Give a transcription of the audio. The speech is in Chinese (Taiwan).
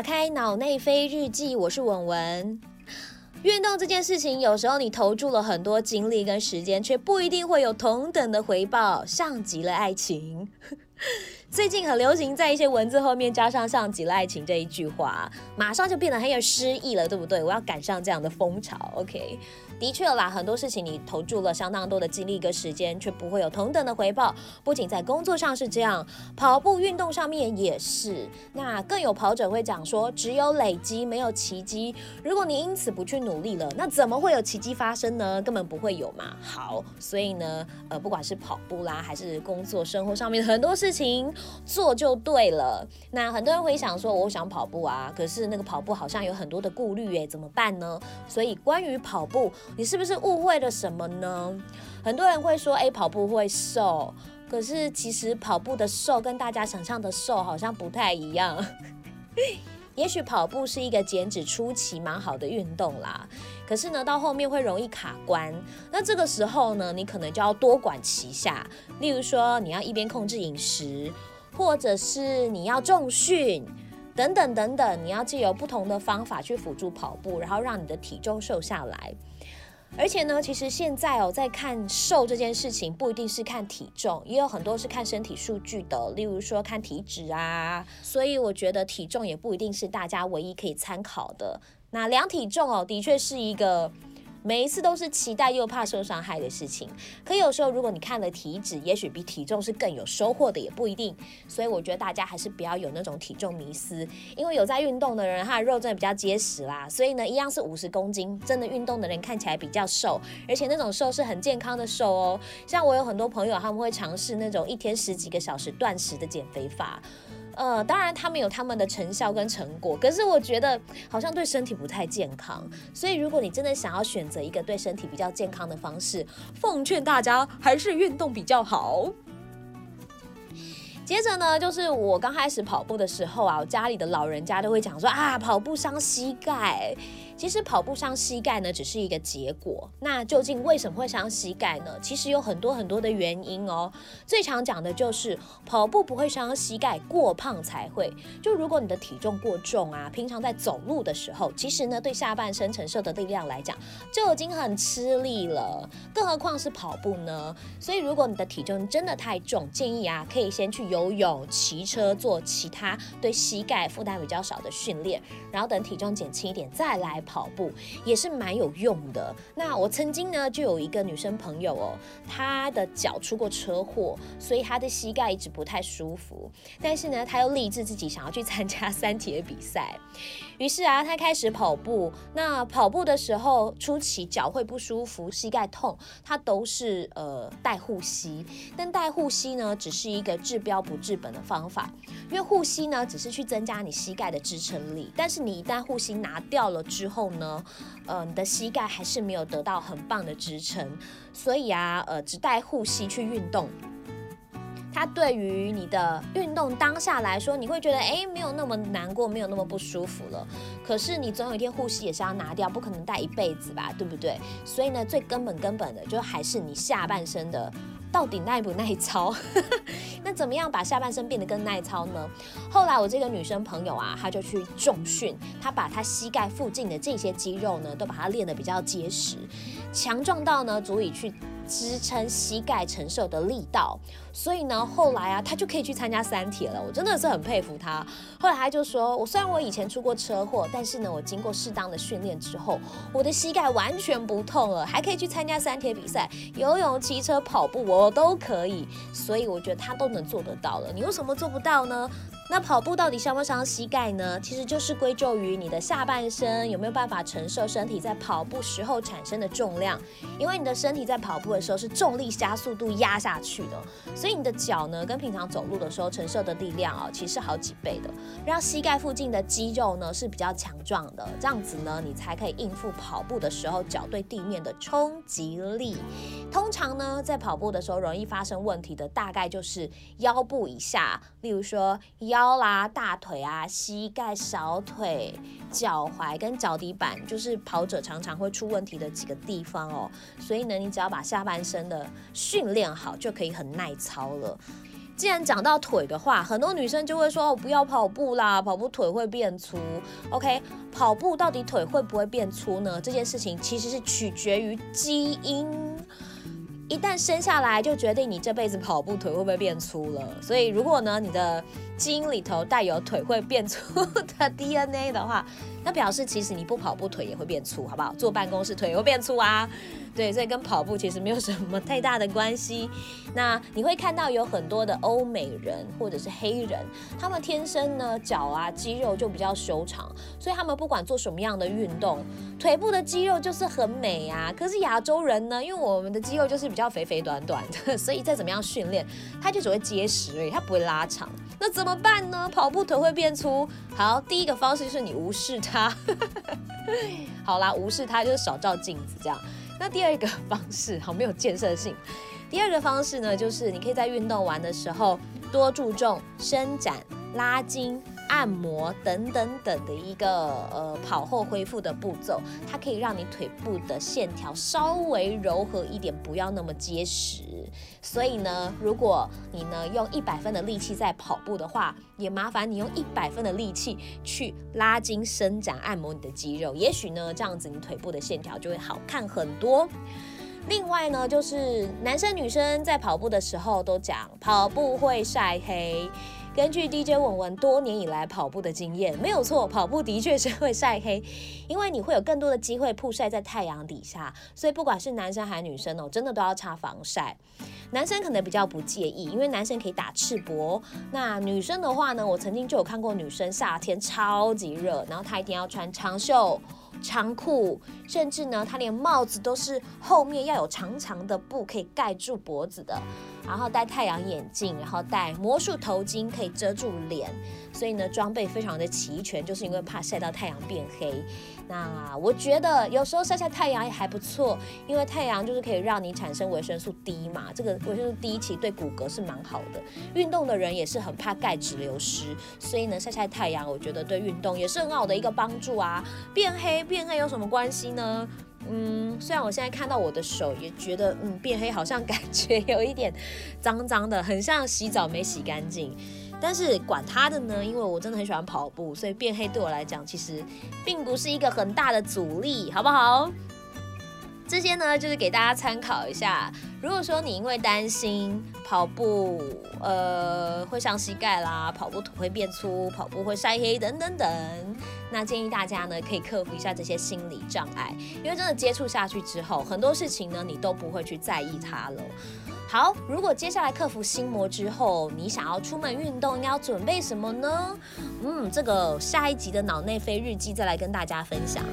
打開腦內啡日記，我是文文。運動這件事情，有時候你投注了很多精力跟時間，卻不一定會有同等的回報，像極了愛情。 最近很流行，在一些文字後面加上像“極了愛情”這一句話，馬上就變得很有詩意了，對不對？我要趕上這樣的風潮，OK？的確啦，很多事情你投注了相當多的精力跟時間，卻不會有同等的回報。不僅在工作上是這樣，跑步運動上面也是。那更有跑者會講說，只有累積，沒有奇蹟。如果你因此不去努力了，那怎麼會有奇蹟發生呢？根本不會有嘛。好，所以呢，呃，不管是跑步啦，還是工作、生活上面很多事情。做就對了。那很多人會想說，我想跑步啊，可是那個跑步好像有很多的顧慮欸，怎麼辦呢？所以關於跑步，你是不是誤會了什麼呢？很多人會說，哎、欸，跑步會瘦，可是其實跑步的瘦跟大家想象的瘦好像不太一樣。 也許跑步是一個減脂初期蠻好的運動啦，可是呢，到後面會容易卡關。那這個時候呢，你可能就要多管齊下，例如說你要一邊控制飲食，或者是你要重訓，等等等等，你要借由不同的方法去輔助跑步，然後讓你的體重瘦下來。而且呢，其實現在哦，在看瘦這件事情，不一定是看體重，也有很多是看身體數據的，例如說看體脂啊。所以我覺得體重也不一定是大家唯一可以參考的。那量體重哦，的確是一個。每一次都是期待又怕受傷害的事情，可有時候如果你看了體脂，也許比體重是更有收穫的，也不一定。所以我覺得大家還是不要有那種體重迷思，因為有在運動的人，他的肉真的比較結實啦。所以呢，一樣是五十公斤，真的運動的人看起來比較瘦，而且那種瘦是很健康的瘦哦。像我有很多朋友，他們會嘗試那種一天十幾個小時斷食的減肥法。呃，當然他們有他們的成效跟成果，可是我覺得好像對身體不太健康。所以如果你真的想要選擇一個對身體比較健康的方式，奉勸大家還是運動比較好。接着呢，就是我剛開始跑步的時候啊，我家裡的老人家都會講說啊，跑步傷膝蓋。其實跑步傷膝蓋呢，只是一個結果。那究竟為什麼會傷膝蓋呢？其實有很多很多的原因哦。最常講的就是跑步不會傷膝蓋，過胖才會。就如果你的體重過重啊，平常在走路的時候，其實呢對下半身承受的力量來講就已經很吃力了，更何況是跑步呢？所以如果你的體重真的太重，建議啊可以先去游泳、騎車做其他對膝蓋負擔比較少的訓練，然後等體重減輕一點再來跑。跑步也是蠻有用的。那我曾經呢，就有一個女生朋友哦、喔，她的腳出過車禍，所以她的膝蓋一直不太舒服。但是呢，她又立志自己想要去參加三鐵的比賽，於是啊，她開始跑步。那跑步的時候，初期腳會不舒服，膝蓋痛，她都是呃帶護膝。但帶護膝呢，只是一個治標不治本的方法，因為護膝呢，只是去增加你膝蓋的支撐力。但是你一旦護膝拿掉了之後，後呢，呃，你的膝蓋還是沒有得到很棒的支撐，所以啊，呃，只帶護膝去運動，它對於你的運動當下來說，你會覺得誒，沒有那麼難過，沒有那麼不舒服了。可是你總有一天護膝也是要拿掉，不可能戴一輩子吧，對不對？所以呢，最根本根本的，就還是你下半身的到底耐不耐操。 那怎麼樣把下半身變得更耐操呢？後來我這個女生朋友啊，她就去重訓，她把她膝蓋附近的這些肌肉呢，都把它練得比較結實，強壯到呢，足以去。支撐膝蓋承受的力道，所以呢，後來啊，他就可以去參加三鐵了。我真的是很佩服他。後來他就說：“我雖然我以前出過車禍，但是呢，我經過適當的訓練之後，我的膝蓋完全不痛了，還可以去參加三鐵比賽。游泳、騎車、跑步，我都可以。”所以我覺得他都能做得到了，你為什麼做不到呢？那跑步到底傷不傷膝蓋呢？其實就是歸咎於你的下半身有沒有辦法承受身體在跑步時候產生的重量。因為你的身體在跑步的時候是重力加速度壓下去的，所以你的腳呢，跟平常走路的時候承受的力量啊、喔，其實是好幾倍的。讓膝蓋附近的肌肉呢是比較強壯的，這樣子呢，你才可以應付跑步的時候腳對地面的衝擊力。通常呢，在跑步的時候容易發生問題的大概就是腰部以下，例如說腰。腰啦、大腿啊、膝蓋、小腿、腳踝跟腳底板，就是跑者常常會出問題的幾個地方哦。所以呢，你只要把下半身的訓練好，就可以很耐操了。既然講到腿的話，很多女生就會說哦，不要跑步啦，跑步腿會變粗。OK，跑步到底腿會不會變粗呢？這件事情其實是取決於基因。一旦生下來，就決定你這輩子跑步腿會不會變粗了。所以，如果呢，你的基因裡頭帶有腿會變粗的 DNA 的話。那表示其實你不跑步腿也會變粗，好不好？坐辦公室腿也會變粗啊。對，所以跟跑步其實沒有什麼太大的關係。那你會看到有很多的歐美人或者是黑人，他們天生呢腳啊肌肉就比較修長，所以他們不管做什麼樣的運動，腿部的肌肉就是很美啊。可是亞洲人呢，因為我們的肌肉就是比較肥肥短短的，所以再怎麼樣訓練，它就只會結實而已，它不會拉長。那怎麼辦呢？跑步腿會變粗。好，第一個方式就是你無視他。他， 好啦，無視他，就是、少照鏡子這樣。那第二個方式，好沒有建設性。第二個方式呢，就是你可以在運動完的時候多注重伸展拉筋。按摩等等等的一個呃跑後恢復的步驟，它可以讓你腿部的線條稍微柔和一點，不要那麼結實。所以呢，如果你呢用一百分的力氣在跑步的話，也麻煩你用一百分的力氣去拉筋、伸展、按摩你的肌肉。也許呢，這樣子你腿部的線條就會好看很多。另外呢，就是男生女生在跑步的時候都講跑步會曬黑。根據 DJ 文文多年以來跑步的經驗，沒有錯，跑步的確是會曬黑，因為你會有更多的機會曝曬在太陽底下，所以不管是男生還是女生哦，真的都要擦防曬。男生可能比較不介意，因為男生可以打赤膊。那女生的話呢，我曾經就有看過女生夏天超級熱，然後她一定要穿長袖、長褲，甚至呢她連帽子都是後面要有長長的布可以蓋住脖子的。然後戴太陽眼鏡，然後戴魔術頭巾可以遮住臉，所以呢裝備非常的齊全，就是因為怕曬到太陽變黑。那我覺得有時候曬曬太陽也還不錯，因為太陽就是可以讓你產生維生素 D 嘛，這個維生素 D 其實對骨骼是蠻好的。運動的人也是很怕鈣質流失，所以呢曬曬太陽，我覺得對運動也是很好的一個幫助啊。變黑變黑有什麼關係呢？嗯，雖然我現在看到我的手也覺得嗯，變黑，好像感覺有一點髒髒的，很像洗澡沒洗乾淨。但是管他的呢，因為我真的很喜歡跑步，所以變黑對我來講其實並不是一個很大的阻力，好不好？這些呢就是給大家參考一下。如果說你因為擔心跑步，呃會傷膝蓋啦，跑步腿會變粗，跑步會曬黑等等等。那建議大家呢，可以克服一下這些心理障礙，因為真的接觸下去之後，很多事情呢，你都不會去在意它了。好，如果接下來克服心魔之後，你想要出門運動，你要準備什麼呢？嗯，這個下一集的腦內啡日記再來跟大家分享。